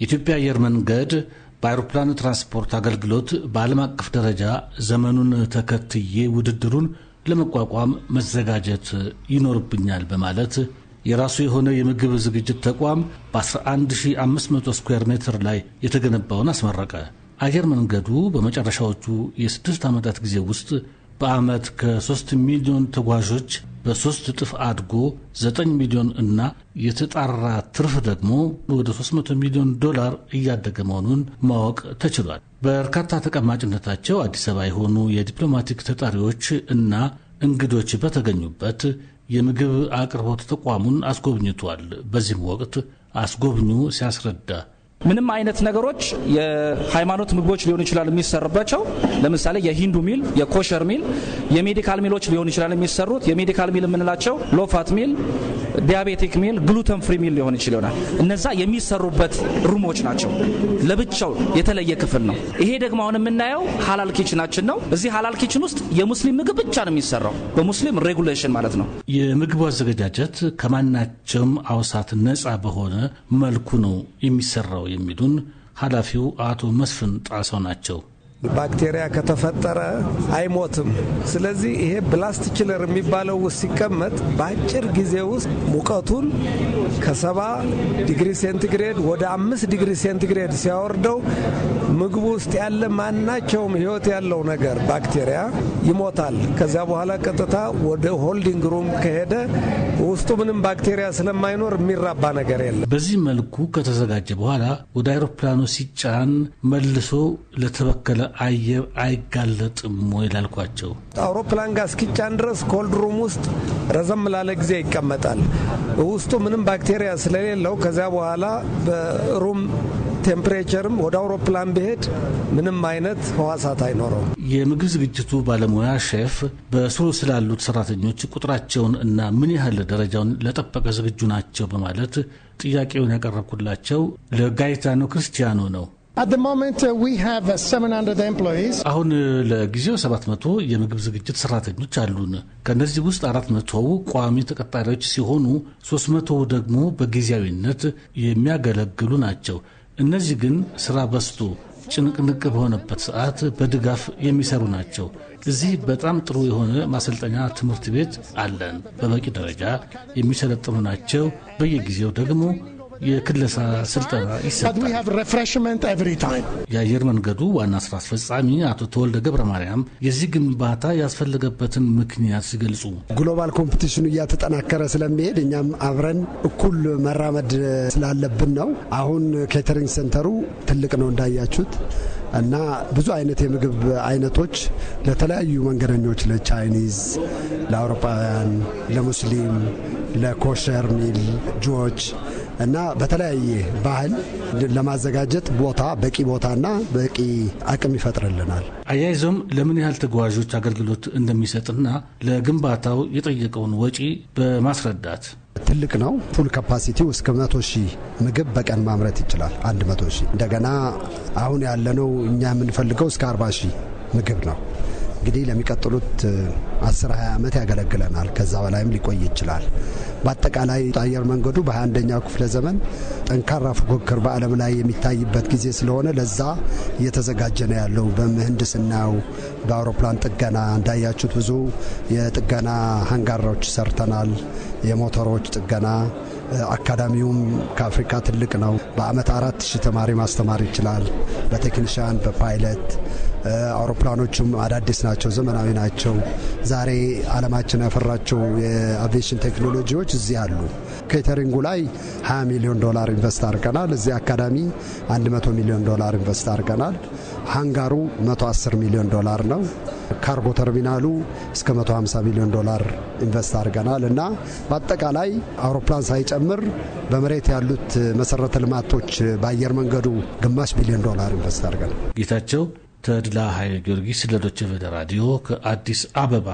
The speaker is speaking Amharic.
የኢትዮጵያ አየር መንገድ በአውሮፕላን ትራንስፖርት አገልግሎት በዓለም አቀፍ ደረጃ ዘመኑን ተከትዬ ውድድሩን ለመቋቋም መዘጋጀት ይኖርብኛል በማለት የራሱ የሆነ የምግብ ዝግጅት ተቋም በ11500 ስኩዌር ሜትር ላይ የተገነባውን አስመረቀ። አየር መንገዱ በመጨረሻዎቹ የስድስት ዓመታት ጊዜ ውስጥ በዓመት ከ3 ሚሊዮን ተጓዦች በሶስት እጥፍ አድጎ 9 ሚሊዮን እና የተጣራ ትርፍ ደግሞ ወደ 300 ሚሊዮን ዶላር እያደገ መሆኑን ማወቅ ተችሏል። በርካታ ተቀማጭነታቸው አዲስ አበባ የሆኑ የዲፕሎማቲክ ተጠሪዎች እና እንግዶች በተገኙበት የምግብ አቅርቦት ተቋሙን አስጎብኝቷል። በዚህም ወቅት አስጎብኙ ሲያስረዳ ምንም አይነት ነገሮች የሃይማኖት ምግቦች ሊሆኑ ይችላል የሚሰሩባቸው። ለምሳሌ የሂንዱ ሚል፣ የኮሸር ሚል፣ የሜዲካል ሚሎች ሊሆኑ ይችላል የሚሰሩት። የሜዲካል ሚል የምንላቸው ሎፋት ሚል፣ ዲያቤቲክ ሚል፣ ግሉተን ፍሪ ሚል ሊሆን ይችል ይሆናል። እነዛ የሚሰሩበት ሩሞች ናቸው። ለብቻው የተለየ ክፍል ነው። ይሄ ደግሞ አሁን የምናየው ሀላል ኪችናችን ነው። እዚህ ሀላል ኪችን ውስጥ የሙስሊም ምግብ ብቻ ነው የሚሰራው በሙስሊም ሬጉሌሽን ማለት ነው። የምግቡ አዘገጃጀት ከማናቸውም አውሳት ነጻ በሆነ መልኩ ነው የሚሰራው። የሚሉን ኃላፊው አቶ መስፍን ጣሰው ናቸው። ባክቴሪያ ከተፈጠረ አይሞትም። ስለዚህ ይሄ ብላስት ችለር የሚባለው ውስጥ ሲቀመጥ በአጭር ጊዜ ውስጥ ሙቀቱን ከሰባ ዲግሪ ሴንቲግሬድ ወደ አምስት ዲግሪ ሴንቲግሬድ ሲያወርደው ምግቡ ውስጥ ያለ ማናቸውም ህይወት ያለው ነገር ባክቴሪያ ይሞታል። ከዚያ በኋላ ቀጥታ ወደ ሆልዲንግ ሩም ከሄደ ውስጡ ምንም ባክቴሪያ ስለማይኖር የሚራባ ነገር የለም። በዚህ መልኩ ከተዘጋጀ በኋላ ወደ አይሮፕላኑ ሲጫን መልሶ ለተበከለ አየር አይጋለጥም ወይ ላልኳቸው አውሮፕላን ጋር እስኪጫን ድረስ ኮልድሩም ውስጥ ረዘም ላለ ጊዜ ይቀመጣል። ውስጡ ምንም ባክቴሪያ ስለሌለው ከዚያ በኋላ በሩም ቴምፕሬቸርም ወደ አውሮፕላን ብሄድ ምንም አይነት ህዋሳት አይኖረው። የምግብ ዝግጅቱ ባለሙያ ሼፍ በስሩ ስላሉት ሰራተኞች ቁጥራቸውን እና ምን ያህል ደረጃውን ለጠበቀ ዝግጁ ናቸው በማለት ጥያቄውን ያቀረብኩላቸው ለጋይታኖ ክርስቲያኖ ነው። Uh, uh, አሁን uh, ለጊዜው 700 የምግብ ዝግጅት ሰራተኞች አሉን። ከእነዚህ ውስጥ 400 ቋሚ ተቀጣሪዎች ሲሆኑ 300 ደግሞ በጊዜያዊነት የሚያገለግሉ ናቸው። እነዚህ ግን ስራ በስቶ ጭንቅንቅ በሆነበት ሰዓት በድጋፍ የሚሰሩ ናቸው። እዚህ በጣም ጥሩ የሆነ ማሰልጠኛ ትምህርት ቤት አለን። በበቂ ደረጃ የሚሰለጥኑ ናቸው። በየጊዜው ደግሞ የክለሳ ስልጠና ይሰጣል። የአየር መንገዱ ዋና ስራ አስፈጻሚ አቶ ተወልደ ገብረ ማርያም የዚህ ግንባታ ያስፈለገበትን ምክንያት ሲገልጹ ግሎባል ኮምፒቲሽኑ እያተጠናከረ ስለሚሄድ እኛም አብረን እኩል መራመድ ስላለብን ነው። አሁን ኬተሪንግ ሴንተሩ ትልቅ ነው እንዳያችሁት እና ብዙ አይነት የምግብ አይነቶች ለተለያዩ መንገደኞች ለቻይኒዝ፣ ለአውሮፓውያን፣ ለሙስሊም፣ ለኮሸር ሚል ጆች እና በተለያየ ባህል ለማዘጋጀት ቦታ በቂ ቦታና በቂ አቅም ይፈጥርልናል። አያይዞም ለምን ያህል ተጓዦች አገልግሎት እንደሚሰጥና ለግንባታው የጠየቀውን ወጪ በማስረዳት ትልቅ ነው። ፉል ካፓሲቲው እስከ መቶ ሺህ ምግብ በቀን ማምረት ይችላል። አንድ መቶ ሺህ እንደገና አሁን ያለነው እኛ የምንፈልገው እስከ አርባ ሺህ ምግብ ነው። እንግዲህ ለሚቀጥሉት 10 20 ዓመት ያገለግለናል። ከዛ በላይም ሊቆይ ይችላል። በአጠቃላይ አየር መንገዱ በ21ኛው ክፍለ ዘመን ጠንካራ ፉክክር በዓለም ላይ የሚታይበት ጊዜ ስለሆነ ለዛ እየተዘጋጀ ነው ያለው። በምህንድስናው፣ በአውሮፕላን ጥገና እንዳያችሁት ብዙ የጥገና ሀንጋሮች ሰርተናል። የሞተሮች ጥገና አካዳሚውም ከአፍሪካ ትልቅ ነው። በአመት አራት ሺህ ተማሪ ማስተማር ይችላል። በቴክኒሽያን በፓይለት አውሮፕላኖቹም አዳዲስ ናቸው፣ ዘመናዊ ናቸው። ዛሬ አለማችን ያፈራቸው የአቪዬሽን ቴክኖሎጂዎች እዚህ አሉ። ኬተሪንጉ ላይ 20 ሚሊዮን ዶላር ኢንቨስት አድርገናል። እዚህ አካዳሚ 100 ሚሊዮን ዶላር ኢንቨስት አድርገናል። ሃንጋሩ 110 ሚሊዮን ዶላር ነው። ካርጎ ተርሚናሉ እስከ 150 ሚሊዮን ዶላር ኢንቨስት አድርገናል እና በአጠቃላይ አውሮፕላን ሳይጨምር በመሬት ያሉት መሰረተ ልማቶች በአየር መንገዱ ግማሽ ቢሊዮን ዶላር ኢንቨስት አድርገናል። ጌታቸው ተድላ ኃይለ ጊዮርጊስ ለዶቸቬለ ራዲዮ ከአዲስ አበባ